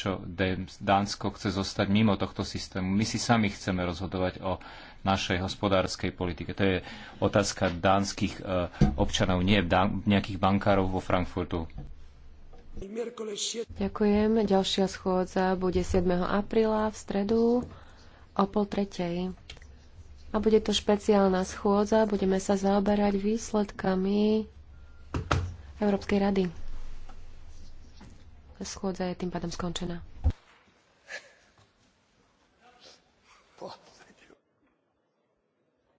prečo Dánsko chce zostať mimo tohto systému. My si sami chceme rozhodovať o našej hospodárskej politike. To je otázka dánskych e, občanov, nie nejakých bankárov vo Frankfurtu. Ďakujem. Ďalšia schôdza bude 7. apríla v stredu o pol tretej. A bude to špeciálna schôdza. Budeme sa zaoberať výsledkami Európskej rady. Schôdza je tým pádom skončená.